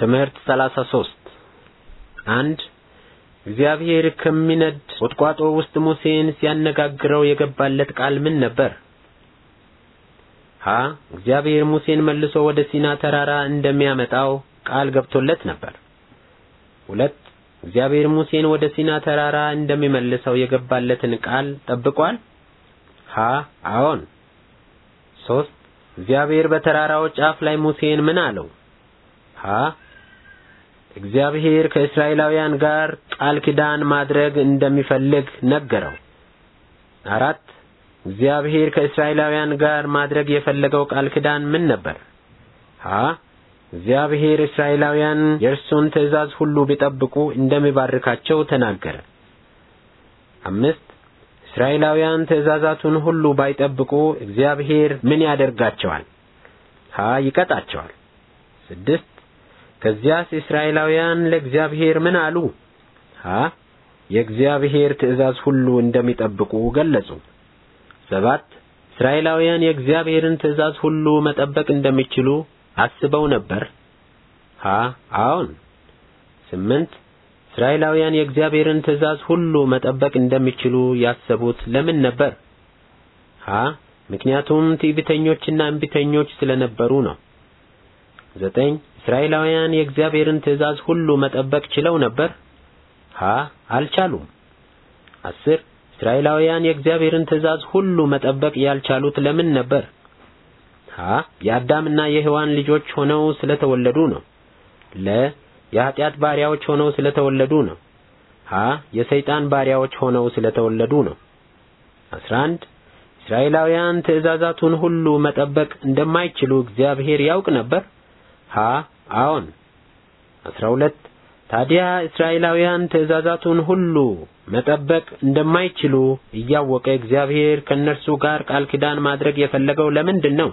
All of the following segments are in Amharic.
ትምህርት 33 አንድ እግዚአብሔር ከሚነድ ቁጥቋጦ ውስጥ ሙሴን ሲያነጋግረው የገባለት ቃል ምን ነበር? ሀ እግዚአብሔር ሙሴን መልሶ ወደ ሲና ተራራ እንደሚያመጣው ቃል ገብቶለት ነበር። ሁለት እግዚአብሔር ሙሴን ወደ ሲና ተራራ እንደሚመልሰው የገባለትን ቃል ጠብቋል? ሀ አዎን። ሶስት እግዚአብሔር በተራራው ጫፍ ላይ ሙሴን ምን አለው? ሀ እግዚአብሔር ከእስራኤላውያን ጋር ቃል ኪዳን ማድረግ እንደሚፈልግ ነገረው። አራት እግዚአብሔር ከእስራኤላውያን ጋር ማድረግ የፈለገው ቃል ኪዳን ምን ነበር? ሀ እግዚአብሔር እስራኤላውያን የእርሱን ትእዛዝ ሁሉ ቢጠብቁ እንደሚባርካቸው ተናገረ። አምስት እስራኤላውያን ትእዛዛቱን ሁሉ ባይጠብቁ እግዚአብሔር ምን ያደርጋቸዋል? ሀ ይቀጣቸዋል። ስድስት ከዚያስ እስራኤላውያን ለእግዚአብሔር ምን አሉ? ሀ የእግዚአብሔር ትእዛዝ ሁሉ እንደሚጠብቁ ገለጹ። ሰባት እስራኤላውያን የእግዚአብሔርን ትእዛዝ ሁሉ መጠበቅ እንደሚችሉ አስበው ነበር? ሀ አዎን። ስምንት እስራኤላውያን የእግዚአብሔርን ትእዛዝ ሁሉ መጠበቅ እንደሚችሉ ያሰቡት ለምን ነበር? ሀ ምክንያቱም ትዕቢተኞችና እምቢተኞች ስለነበሩ ነው። ዘጠኝ እስራኤላውያን የእግዚአብሔርን ትእዛዝ ሁሉ መጠበቅ ችለው ነበር? ሀ አልቻሉም። አስር እስራኤላውያን የእግዚአብሔርን ትእዛዝ ሁሉ መጠበቅ ያልቻሉት ለምን ነበር? ሀ የአዳምና የሔዋን ልጆች ሆነው ስለተወለዱ ነው። ለ የኃጢአት ባሪያዎች ሆነው ስለተወለዱ ነው። ሀ የሰይጣን ባሪያዎች ሆነው ስለተወለዱ ነው። 11 እስራኤላውያን ትእዛዛቱን ሁሉ መጠበቅ እንደማይችሉ እግዚአብሔር ያውቅ ነበር? ሀ አዎን 12 ታዲያ እስራኤላውያን ትእዛዛቱን ሁሉ መጠበቅ እንደማይችሉ እያወቀ እግዚአብሔር ከእነርሱ ጋር ቃል ኪዳን ማድረግ የፈለገው ለምንድን ነው?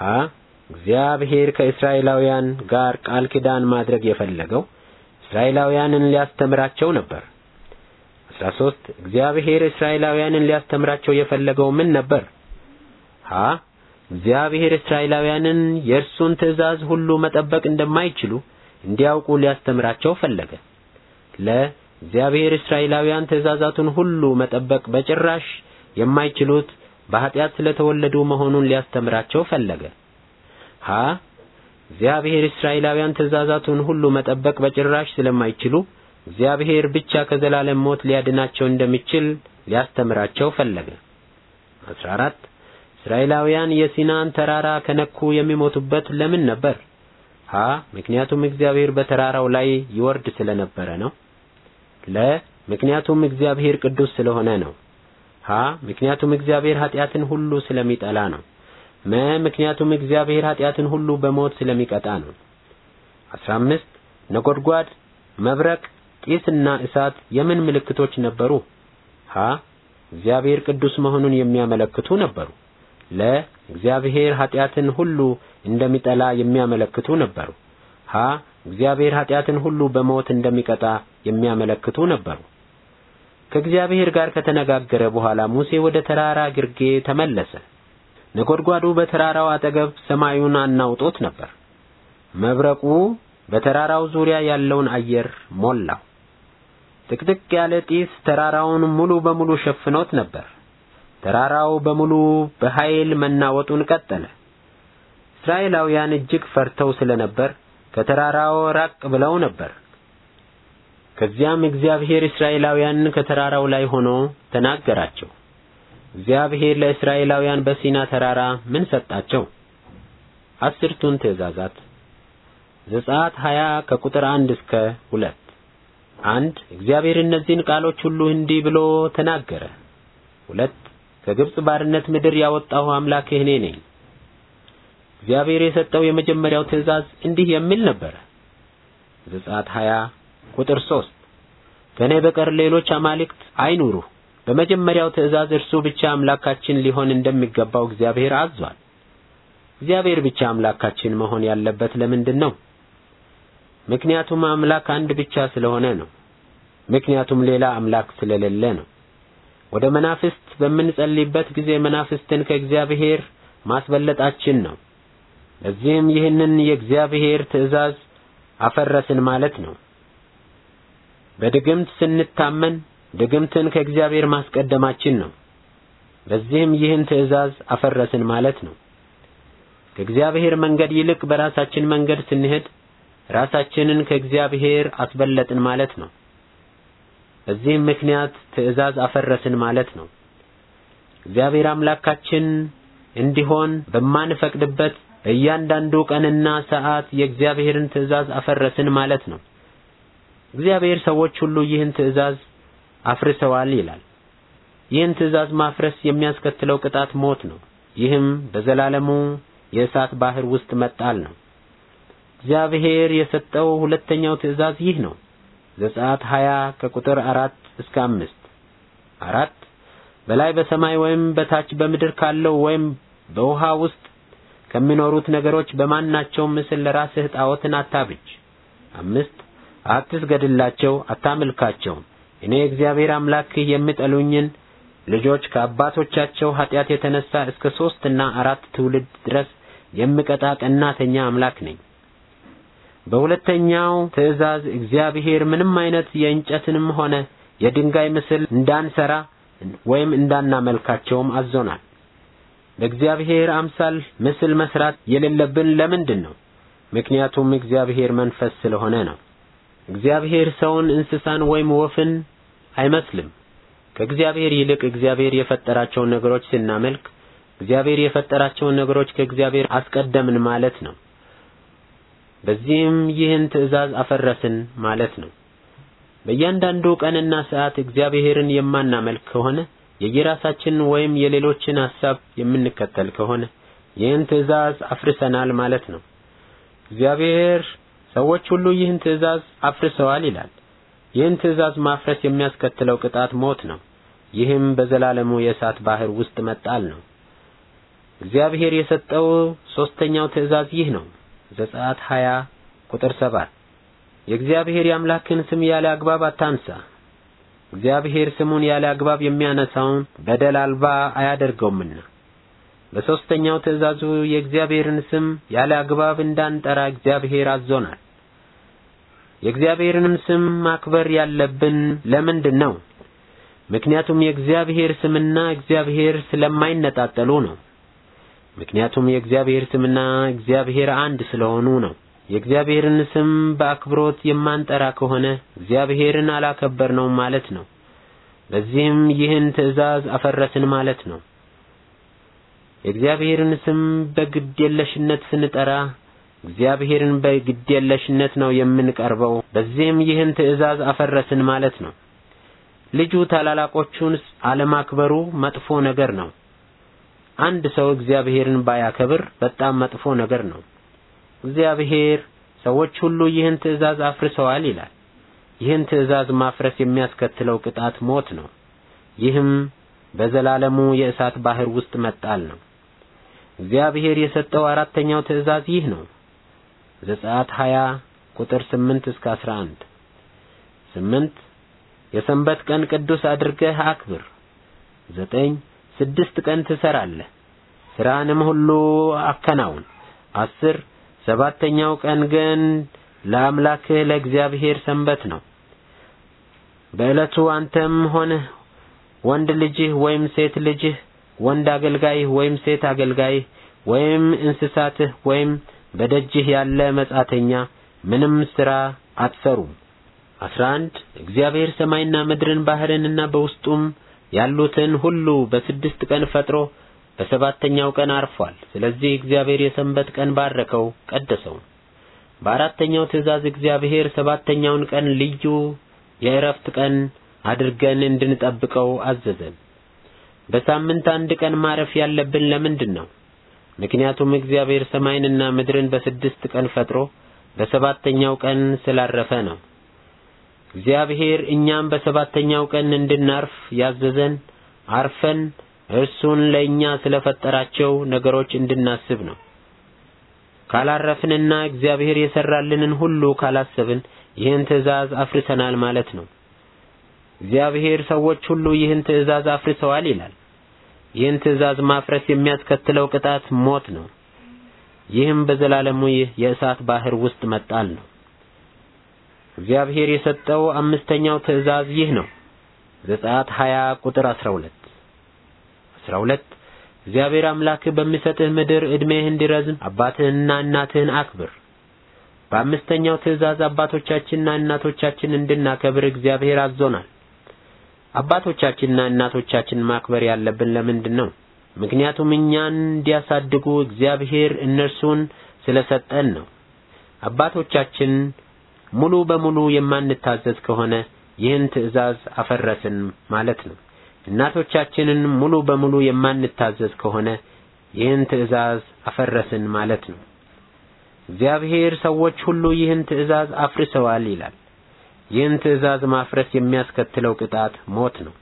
ሀ እግዚአብሔር ከእስራኤላውያን ጋር ቃል ኪዳን ማድረግ የፈለገው እስራኤላውያንን ሊያስተምራቸው ነበር። 13 እግዚአብሔር እስራኤላውያንን ሊያስተምራቸው የፈለገው ምን ነበር? ሀ እግዚአብሔር እስራኤላውያንን የእርሱን ትእዛዝ ሁሉ መጠበቅ እንደማይችሉ እንዲያውቁ ሊያስተምራቸው ፈለገ። እግዚአብሔር እስራኤላውያን ትእዛዛቱን ሁሉ መጠበቅ በጭራሽ የማይችሉት በኃጢአት ስለተወለዱ መሆኑን ሊያስተምራቸው ፈለገ። ሀ እግዚአብሔር እስራኤላውያን ትእዛዛቱን ሁሉ መጠበቅ በጭራሽ ስለማይችሉ እግዚአብሔር ብቻ ከዘላለም ሞት ሊያድናቸው እንደሚችል ሊያስተምራቸው ፈለገ። 14 እስራኤላውያን የሲናን ተራራ ከነኩ የሚሞቱበት ለምን ነበር? ሀ ምክንያቱም እግዚአብሔር በተራራው ላይ ይወርድ ስለነበረ ነው። ለ ምክንያቱም እግዚአብሔር ቅዱስ ስለሆነ ነው። ሀ ምክንያቱም እግዚአብሔር ኃጢአትን ሁሉ ስለሚጠላ ነው። መ ምክንያቱም እግዚአብሔር ኃጢአትን ሁሉ በሞት ስለሚቀጣ ነው። 15 ነጎድጓድ፣ መብረቅ፣ ጢስና እሳት የምን ምልክቶች ነበሩ? ሀ እግዚአብሔር ቅዱስ መሆኑን የሚያመለክቱ ነበሩ። ለእግዚአብሔር ኃጢአትን ሁሉ እንደሚጠላ የሚያመለክቱ ነበሩ። ሀ እግዚአብሔር ኃጢአትን ሁሉ በሞት እንደሚቀጣ የሚያመለክቱ ነበሩ። ከእግዚአብሔር ጋር ከተነጋገረ በኋላ ሙሴ ወደ ተራራ ግርጌ ተመለሰ። ነጎድጓዱ በተራራው አጠገብ ሰማዩን አናውጦት ነበር። መብረቁ በተራራው ዙሪያ ያለውን አየር ሞላው። ጥቅጥቅ ያለ ጢስ ተራራውን ሙሉ በሙሉ ሸፍኖት ነበር። ተራራው በሙሉ በኃይል መናወጡን ቀጠለ። እስራኤላውያን እጅግ ፈርተው ስለነበር ከተራራው ራቅ ብለው ነበር። ከዚያም እግዚአብሔር እስራኤላውያንን ከተራራው ላይ ሆኖ ተናገራቸው። እግዚአብሔር ለእስራኤላውያን በሲና ተራራ ምን ሰጣቸው? አስርቱን ትእዛዛት ዘጸአት 20 ከቁጥር 1 እስከ 2 አንድ እግዚአብሔር እነዚህን ቃሎች ሁሉ እንዲህ ብሎ ተናገረ። ሁለት ከግብጽ ባርነት ምድር ያወጣሁ አምላክህ እኔ ነኝ። እግዚአብሔር የሰጠው የመጀመሪያው ትእዛዝ እንዲህ የሚል ነበረ። ዘጸአት 20 ቁጥር 3 ከእኔ በቀር ሌሎች አማልክት አይኑሩ። በመጀመሪያው ትእዛዝ እርሱ ብቻ አምላካችን ሊሆን እንደሚገባው እግዚአብሔር አዟል። እግዚአብሔር ብቻ አምላካችን መሆን ያለበት ለምንድን ነው? ምክንያቱም አምላክ አንድ ብቻ ስለሆነ ነው። ምክንያቱም ሌላ አምላክ ስለሌለ ነው። ወደ መናፍስት በምንጸልይበት ጊዜ መናፍስትን ከእግዚአብሔር ማስበለጣችን ነው። እዚህም ይህንን የእግዚአብሔር ትእዛዝ አፈረስን ማለት ነው። በድግምት ስንታመን ድግምትን ከእግዚአብሔር ማስቀደማችን ነው። በዚህም ይህን ትእዛዝ አፈረስን ማለት ነው። ከእግዚአብሔር መንገድ ይልቅ በራሳችን መንገድ ስንሄድ ራሳችንን ከእግዚአብሔር አስበለጥን ማለት ነው። በዚህም ምክንያት ትእዛዝ አፈረስን ማለት ነው። እግዚአብሔር አምላካችን እንዲሆን በማንፈቅድበት በእያንዳንዱ ቀንና ሰዓት የእግዚአብሔርን ትእዛዝ አፈረስን ማለት ነው። እግዚአብሔር ሰዎች ሁሉ ይህን ትእዛዝ አፍርሰዋል ይላል። ይህን ትእዛዝ ማፍረስ የሚያስከትለው ቅጣት ሞት ነው። ይህም በዘላለሙ የእሳት ባህር ውስጥ መጣል ነው። እግዚአብሔር የሰጠው ሁለተኛው ትእዛዝ ይህ ነው። ዘጸአት 20 ከቁጥር 4 እስከ 5 አራት በላይ በሰማይ ወይም በታች በምድር ካለው ወይም በውሃ ውስጥ ከሚኖሩት ነገሮች በማናቸው ምስል ለራስህ ጣዖትን አታብጅ። አምስት አትስገድላቸው፣ አታምልካቸው። እኔ እግዚአብሔር አምላክህ የምጠሉኝን ልጆች ከአባቶቻቸው ኃጢአት የተነሳ እስከ ሦስትና አራት ትውልድ ድረስ የምቀጣ ቀናተኛ አምላክ ነኝ። በሁለተኛው ትእዛዝ እግዚአብሔር ምንም አይነት የእንጨትንም ሆነ የድንጋይ ምስል እንዳንሰራ ወይም እንዳናመልካቸውም አዞናል። በእግዚአብሔር አምሳል ምስል መስራት የሌለብን ለምንድን ነው? ምክንያቱም እግዚአብሔር መንፈስ ስለሆነ ነው። እግዚአብሔር ሰውን፣ እንስሳን ወይም ወፍን አይመስልም። ከእግዚአብሔር ይልቅ እግዚአብሔር የፈጠራቸውን ነገሮች ስናመልክ እግዚአብሔር የፈጠራቸውን ነገሮች ከእግዚአብሔር አስቀደምን ማለት ነው። በዚህም ይህን ትእዛዝ አፈረስን ማለት ነው። በእያንዳንዱ ቀንና ሰዓት እግዚአብሔርን የማናመልክ ከሆነ የየራሳችን ወይም የሌሎችን ሐሳብ የምንከተል ከሆነ ይህን ትእዛዝ አፍርሰናል ማለት ነው። እግዚአብሔር ሰዎች ሁሉ ይህን ትእዛዝ አፍርሰዋል ይላል። ይህን ትእዛዝ ማፍረስ የሚያስከትለው ቅጣት ሞት ነው። ይህም በዘላለሙ የእሳት ባህር ውስጥ መጣል ነው። እግዚአብሔር የሰጠው ሦስተኛው ትእዛዝ ይህ ነው። ዘጸአት 20 ቁጥር 7 የእግዚአብሔር የአምላክን ስም ያለ አግባብ አታንሳ። እግዚአብሔር ስሙን ያለ አግባብ የሚያነሳውን በደል አልባ አያደርገውምና። በሦስተኛው ትእዛዙ የእግዚአብሔርን ስም ያለ አግባብ እንዳንጠራ እግዚአብሔር አዞናል። የእግዚአብሔርንም ስም ማክበር ያለብን ለምንድን ነው? ምክንያቱም የእግዚአብሔር ስምና እግዚአብሔር ስለማይነጣጠሉ ነው። ምክንያቱም የእግዚአብሔር ስምና እግዚአብሔር አንድ ስለሆኑ ነው። የእግዚአብሔርን ስም በአክብሮት የማንጠራ ከሆነ እግዚአብሔርን ነው ማለት ነው። በዚህም ይህን ትእዛዝ አፈረስን ማለት ነው። የእግዚአብሔርን ስም በግዴለሽነት ስንጠራ እግዚአብሔርን በግዴለሽነት ነው የምንቀርበው። በዚህም ይህን ትእዛዝ አፈረስን ማለት ነው። ልጁ ታላላቆቹን አለማክበሩ መጥፎ ነገር ነው። አንድ ሰው እግዚአብሔርን ባያከብር በጣም መጥፎ ነገር ነው። እግዚአብሔር ሰዎች ሁሉ ይህን ትእዛዝ አፍርሰዋል ይላል። ይህን ትእዛዝ ማፍረስ የሚያስከትለው ቅጣት ሞት ነው። ይህም በዘላለሙ የእሳት ባህር ውስጥ መጣል ነው። እግዚአብሔር የሰጠው አራተኛው ትእዛዝ ይህ ነው። ዘጸአት 20 ቁጥር 8 እስከ 11 8 የሰንበት ቀን ቅዱስ አድርገህ አክብር። 9 ስድስት ቀን ትሰራለህ፣ ስራንም ሁሉ አከናውን። አስር ሰባተኛው ቀን ግን ለአምላክህ ለእግዚአብሔር ሰንበት ነው። በዕለቱ አንተም ሆነ ወንድ ልጅህ ወይም ሴት ልጅህ፣ ወንድ አገልጋይህ ወይም ሴት አገልጋይህ፣ ወይም እንስሳትህ ወይም በደጅህ ያለ መጻተኛ ምንም ስራ አትሰሩም። አስራ አንድ እግዚአብሔር ሰማይና ምድርን ባህርንና በውስጡም ያሉትን ሁሉ በስድስት ቀን ፈጥሮ በሰባተኛው ቀን አርፏል። ስለዚህ እግዚአብሔር የሰንበት ቀን ባረከው፣ ቀደሰው። በአራተኛው ትእዛዝ እግዚአብሔር ሰባተኛውን ቀን ልዩ የእረፍት ቀን አድርገን እንድንጠብቀው አዘዘን። በሳምንት አንድ ቀን ማረፍ ያለብን ለምንድን ነው? ምክንያቱም እግዚአብሔር ሰማይንና ምድርን በስድስት ቀን ፈጥሮ በሰባተኛው ቀን ስላረፈ ነው። እግዚአብሔር እኛም በሰባተኛው ቀን እንድናርፍ ያዘዘን አርፈን እርሱን ለእኛ ስለፈጠራቸው ነገሮች እንድናስብ ነው። ካላረፍንና እግዚአብሔር የሰራልንን ሁሉ ካላሰብን ይህን ትእዛዝ አፍርሰናል ማለት ነው። እግዚአብሔር ሰዎች ሁሉ ይህን ትእዛዝ አፍርሰዋል ይላል። ይህን ትእዛዝ ማፍረስ የሚያስከትለው ቅጣት ሞት ነው። ይህም በዘላለሙ የእሳት ባህር ውስጥ መጣል ነው። እግዚአብሔር የሰጠው አምስተኛው ትእዛዝ ይህ ነው። ዘጸአት 20 ቁጥር 12 12 እግዚአብሔር አምላክ በሚሰጥህ ምድር ዕድሜህ እንዲረዝም አባትህንና እናትህን አክብር። በአምስተኛው ትእዛዝ አባቶቻችንና እናቶቻችን እንድናከብር እግዚአብሔር አዞናል። አባቶቻችንና እናቶቻችን ማክበር ያለብን ለምንድን ነው? ምክንያቱም እኛን እንዲያሳድጉ እግዚአብሔር እነርሱን ስለሰጠን ነው። አባቶቻችን ሙሉ በሙሉ የማንታዘዝ ከሆነ ይህን ትዕዛዝ አፈረስን ማለት ነው። እናቶቻችንን ሙሉ በሙሉ የማንታዘዝ ከሆነ ይህን ትዕዛዝ አፈረስን ማለት ነው። እግዚአብሔር ሰዎች ሁሉ ይህን ትዕዛዝ አፍርሰዋል ይላል። ይህን ትዕዛዝ ማፍረስ የሚያስከትለው ቅጣት ሞት ነው።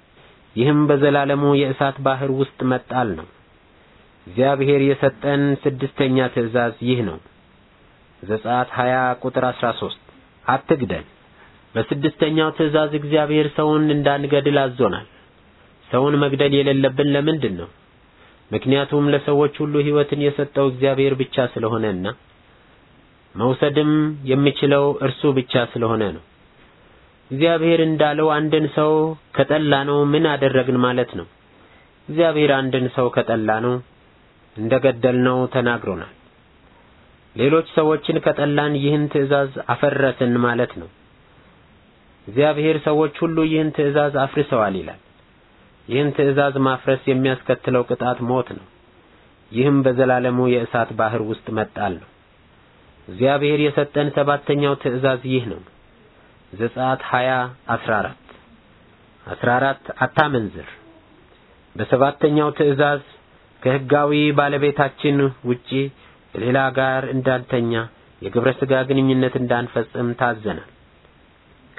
ይህም በዘላለሙ የእሳት ባህር ውስጥ መጣል ነው። እግዚአብሔር የሰጠን ስድስተኛ ትዕዛዝ ይህ ነው። ዘጸአት 20 ቁጥር 13 አትግደል። በስድስተኛው ትእዛዝ እግዚአብሔር ሰውን እንዳንገድል አዞናል። ሰውን መግደል የሌለብን ለምንድን ነው? ምክንያቱም ለሰዎች ሁሉ ሕይወትን የሰጠው እግዚአብሔር ብቻ ስለሆነና መውሰድም የሚችለው እርሱ ብቻ ስለሆነ ነው። እግዚአብሔር እንዳለው አንድን ሰው ከጠላ ነው ምን አደረግን ማለት ነው? እግዚአብሔር አንድን ሰው ከጠላ ነው እንደገደልነው ተናግሮናል። ሌሎች ሰዎችን ከጠላን ይህን ትእዛዝ አፈረስን ማለት ነው። እግዚአብሔር ሰዎች ሁሉ ይህን ትእዛዝ አፍርሰዋል ይላል። ይህን ትእዛዝ ማፍረስ የሚያስከትለው ቅጣት ሞት ነው። ይህም በዘላለሙ የእሳት ባህር ውስጥ መጣል ነው። እግዚአብሔር የሰጠን ሰባተኛው ትእዛዝ ይህ ነው። ዘጸአት 20 14 14 አታመንዝር። በሰባተኛው ትእዛዝ ከህጋዊ ባለቤታችን ውጪ ከሌላ ጋር እንዳንተኛ የግብረ ሥጋ ግንኙነት እንዳንፈጽም ታዘነ።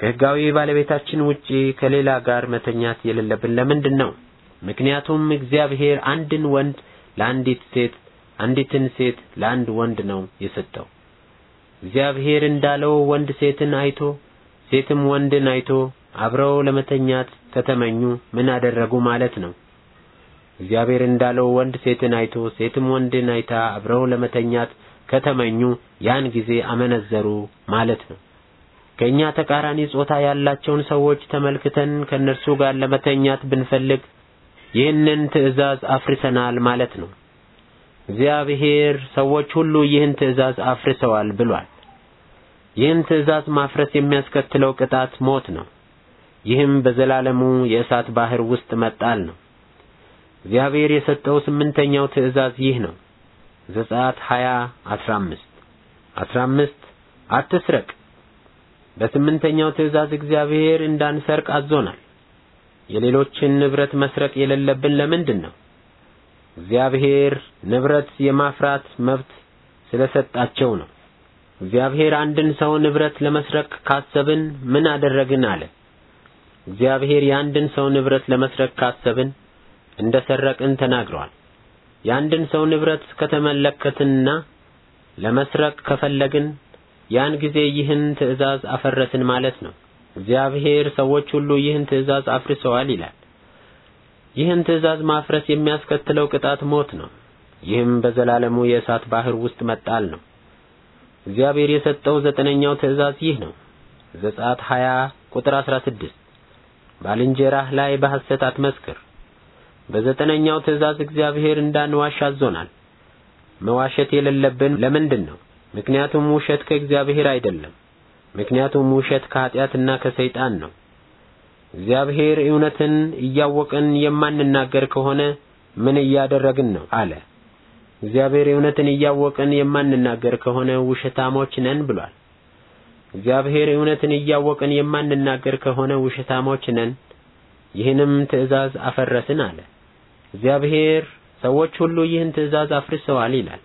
ከሕጋዊ ባለቤታችን ውጪ ከሌላ ጋር መተኛት የሌለብን ለምንድን ነው? ምክንያቱም እግዚአብሔር አንድን ወንድ ለአንዲት ሴት፣ አንዲትን ሴት ለአንድ ወንድ ነው የሰጠው። እግዚአብሔር እንዳለው ወንድ ሴትን አይቶ ሴትም ወንድን አይቶ አብረው ለመተኛት ተተመኙ ምን አደረጉ ማለት ነው። እግዚአብሔር እንዳለው ወንድ ሴትን አይቶ ሴትም ወንድን አይታ አብረው ለመተኛት ከተመኙ ያን ጊዜ አመነዘሩ ማለት ነው። ከኛ ተቃራኒ ጾታ ያላቸውን ሰዎች ተመልክተን ከነርሱ ጋር ለመተኛት ብንፈልግ ይህንን ትዕዛዝ አፍርሰናል ማለት ነው። እግዚአብሔር ሰዎች ሁሉ ይህን ትዕዛዝ አፍርሰዋል ብሏል። ይህን ትዕዛዝ ማፍረስ የሚያስከትለው ቅጣት ሞት ነው። ይህም በዘላለሙ የእሳት ባህር ውስጥ መጣል ነው። እግዚአብሔር የሰጠው ስምንተኛው ትእዛዝ ይህ ነው። ዘጸአት 20 15 15 አትስረቅ። በስምንተኛው ትእዛዝ እግዚአብሔር እንዳንሰርቅ አዞናል። የሌሎችን ንብረት መስረቅ የሌለብን ለምንድን ነው? እግዚአብሔር ንብረት የማፍራት መብት ስለሰጣቸው ነው። እግዚአብሔር አንድን ሰው ንብረት ለመስረቅ ካሰብን ምን አደረግን አለ። እግዚአብሔር የአንድን ሰው ንብረት ለመስረቅ ካሰብን እንደ ሰረቅን ተናግረዋል። የአንድን ሰው ንብረት ከተመለከትንና ለመስረቅ ከፈለግን ያን ጊዜ ይህን ትእዛዝ አፈረስን ማለት ነው። እግዚአብሔር ሰዎች ሁሉ ይህን ትእዛዝ አፍርሰዋል ይላል። ይህን ትእዛዝ ማፍረስ የሚያስከትለው ቅጣት ሞት ነው። ይህም በዘላለሙ የእሳት ባህር ውስጥ መጣል ነው። እግዚአብሔር የሰጠው ዘጠነኛው ትእዛዝ ይህ ነው። ዘጸአት 20 ቁጥር 16 ባልንጀራህ ላይ በሐሰት አትመስክር። በዘጠነኛው ትእዛዝ እግዚአብሔር እንዳንዋሽ አዞናል። መዋሸት የሌለብን ለምንድን ነው? ምክንያቱም ውሸት ከእግዚአብሔር አይደለም። ምክንያቱም ውሸት ከኃጢአትና ከሰይጣን ነው። እግዚአብሔር እውነትን እያወቅን የማንናገር ከሆነ ምን እያደረግን ነው? አለ። እግዚአብሔር እውነትን እያወቅን የማንናገር ከሆነ ውሸታሞች ነን ብሏል። እግዚአብሔር እውነትን እያወቅን የማንናገር ከሆነ ውሸታሞች ነን፣ ይህንም ትእዛዝ አፈረስን አለ። እግዚአብሔር ሰዎች ሁሉ ይህን ትእዛዝ አፍርሰዋል ይላል።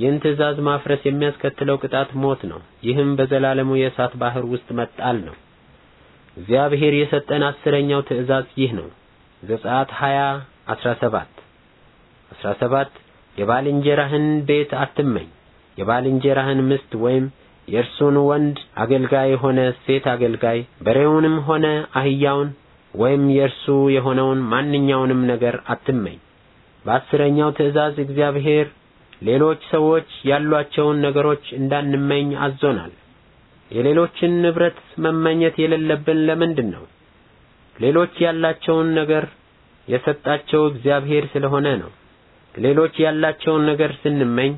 ይህን ትእዛዝ ማፍረስ የሚያስከትለው ቅጣት ሞት ነው። ይህም በዘላለሙ የእሳት ባህር ውስጥ መጣል ነው። እግዚአብሔር የሰጠን አስረኛው ትእዛዝ ይህ ነው። ዘጸአት 20 17 17 የባልንጀራህን ቤት አትመኝ። የባልንጀራህን ምስት ወይም የእርሱን ወንድ አገልጋይ የሆነ ሴት አገልጋይ በሬውንም ሆነ አህያውን ወይም የእርሱ የሆነውን ማንኛውንም ነገር አትመኝ። በአስረኛው ትእዛዝ እግዚአብሔር ሌሎች ሰዎች ያሏቸውን ነገሮች እንዳንመኝ አዞናል። የሌሎችን ንብረት መመኘት የሌለብን ለምንድን ነው? ሌሎች ያላቸውን ነገር የሰጣቸው እግዚአብሔር ስለሆነ ነው። ሌሎች ያላቸውን ነገር ስንመኝ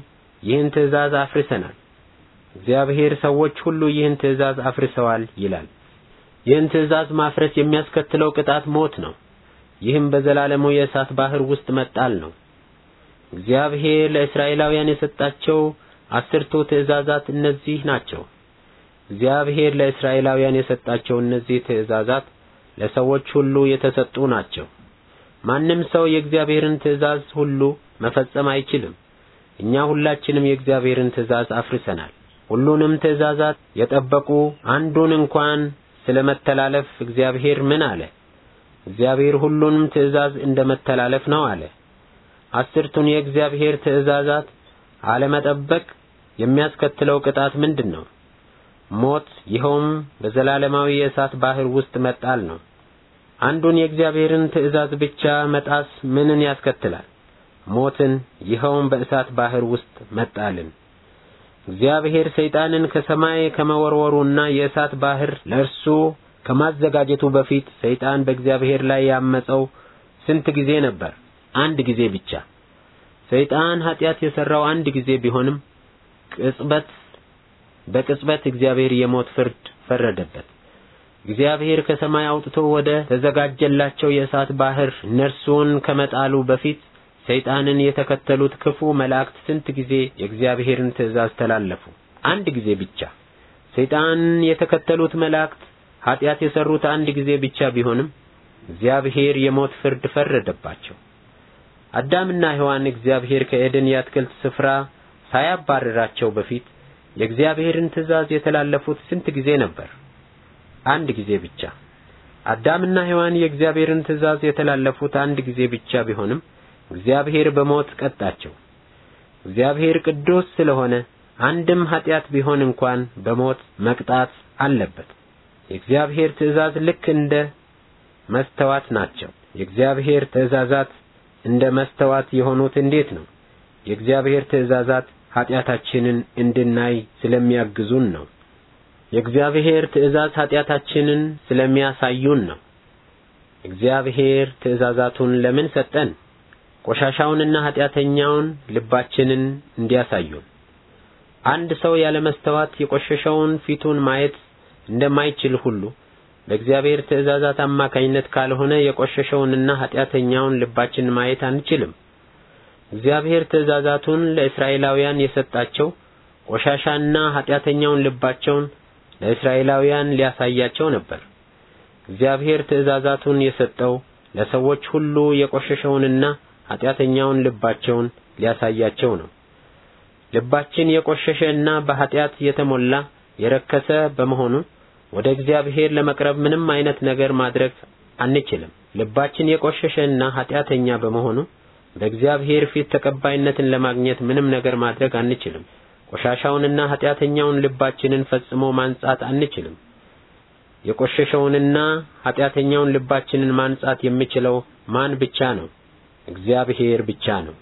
ይህን ትእዛዝ አፍርሰናል። እግዚአብሔር ሰዎች ሁሉ ይህን ትእዛዝ አፍርሰዋል ይላል። ይህን ትእዛዝ ማፍረስ የሚያስከትለው ቅጣት ሞት ነው። ይህም በዘላለሙ የእሳት ባህር ውስጥ መጣል ነው። እግዚአብሔር ለእስራኤላውያን የሰጣቸው አስርቱ ትእዛዛት እነዚህ ናቸው። እግዚአብሔር ለእስራኤላውያን የሰጣቸው እነዚህ ትእዛዛት ለሰዎች ሁሉ የተሰጡ ናቸው። ማንም ሰው የእግዚአብሔርን ትእዛዝ ሁሉ መፈጸም አይችልም። እኛ ሁላችንም የእግዚአብሔርን ትእዛዝ አፍርሰናል። ሁሉንም ትእዛዛት የጠበቁ አንዱን እንኳን ስለ መተላለፍ እግዚአብሔር ምን አለ? እግዚአብሔር ሁሉንም ትእዛዝ እንደ መተላለፍ ነው አለ። አስርቱን የእግዚአብሔር ትእዛዛት አለመጠበቅ የሚያስከትለው ቅጣት ምንድን ነው? ሞት፣ ይኸውም በዘላለማዊ የእሳት ባህር ውስጥ መጣል ነው። አንዱን የእግዚአብሔርን ትእዛዝ ብቻ መጣስ ምንን ያስከትላል? ሞትን፣ ይኸውም በእሳት ባህር ውስጥ መጣልን። እግዚአብሔር ሰይጣንን ከሰማይ ከመወርወሩና የእሳት ባህር ለእርሱ ከማዘጋጀቱ በፊት ሰይጣን በእግዚአብሔር ላይ ያመፀው ስንት ጊዜ ነበር? አንድ ጊዜ ብቻ። ሰይጣን ኃጢአት የሰራው አንድ ጊዜ ቢሆንም ቅጽበት በቅጽበት እግዚአብሔር የሞት ፍርድ ፈረደበት። እግዚአብሔር ከሰማይ አውጥቶ ወደ ተዘጋጀላቸው የእሳት ባህር እነርሱን ከመጣሉ በፊት ሰይጣንን የተከተሉት ክፉ መላእክት ስንት ጊዜ የእግዚአብሔርን ትእዛዝ ተላለፉ? አንድ ጊዜ ብቻ። ሰይጣንን የተከተሉት መላእክት ኃጢአት የሰሩት አንድ ጊዜ ብቻ ቢሆንም እግዚአብሔር የሞት ፍርድ ፈረደባቸው። አዳምና ሔዋን እግዚአብሔር ከኤደን የአትክልት ስፍራ ሳያባረራቸው በፊት የእግዚአብሔርን ትእዛዝ የተላለፉት ስንት ጊዜ ነበር? አንድ ጊዜ ብቻ። አዳምና ሔዋን የእግዚአብሔርን ትእዛዝ የተላለፉት አንድ ጊዜ ብቻ ቢሆንም እግዚአብሔር በሞት ቀጣቸው። እግዚአብሔር ቅዱስ ስለሆነ አንድም ኃጢአት ቢሆን እንኳን በሞት መቅጣት አለበት። የእግዚአብሔር ትእዛዝ ልክ እንደ መስተዋት ናቸው። የእግዚአብሔር ትእዛዛት እንደ መስተዋት የሆኑት እንዴት ነው? የእግዚአብሔር ትእዛዛት ኃጢአታችንን እንድናይ ስለሚያግዙን ነው። የእግዚአብሔር ትእዛዝ ኃጢአታችንን ስለሚያሳዩን ነው። እግዚአብሔር ትእዛዛቱን ለምን ሰጠን? ቆሻሻውንና ኃጢአተኛውን ልባችንን እንዲያሳዩን። አንድ ሰው ያለ መስተዋት የቆሸሸውን ፊቱን ማየት እንደማይችል ሁሉ በእግዚአብሔር ትእዛዛት አማካኝነት ካልሆነ የቆሸሸውንና ኃጢአተኛውን ልባችን ማየት አንችልም። እግዚአብሔር ትእዛዛቱን ለእስራኤላውያን የሰጣቸው ቆሻሻና ኃጢአተኛውን ልባቸውን ለእስራኤላውያን ሊያሳያቸው ነበር። እግዚአብሔር ትእዛዛቱን የሰጠው ለሰዎች ሁሉ የቆሸሸውንና ኃጢአተኛውን ልባቸውን ሊያሳያቸው ነው። ልባችን የቆሸሸ እና በኃጢአት የተሞላ የረከሰ በመሆኑ ወደ እግዚአብሔር ለመቅረብ ምንም አይነት ነገር ማድረግ አንችልም። ልባችን የቆሸሸ እና ኃጢአተኛ በመሆኑ በእግዚአብሔር ፊት ተቀባይነትን ለማግኘት ምንም ነገር ማድረግ አንችልም። ቆሻሻውንና ኃጢአተኛውን ልባችንን ፈጽሞ ማንጻት አንችልም። የቆሸሸውንና ኃጢአተኛውን ልባችንን ማንጻት የሚችለው ማን ብቻ ነው? እግዚአብሔር ብቻ ነው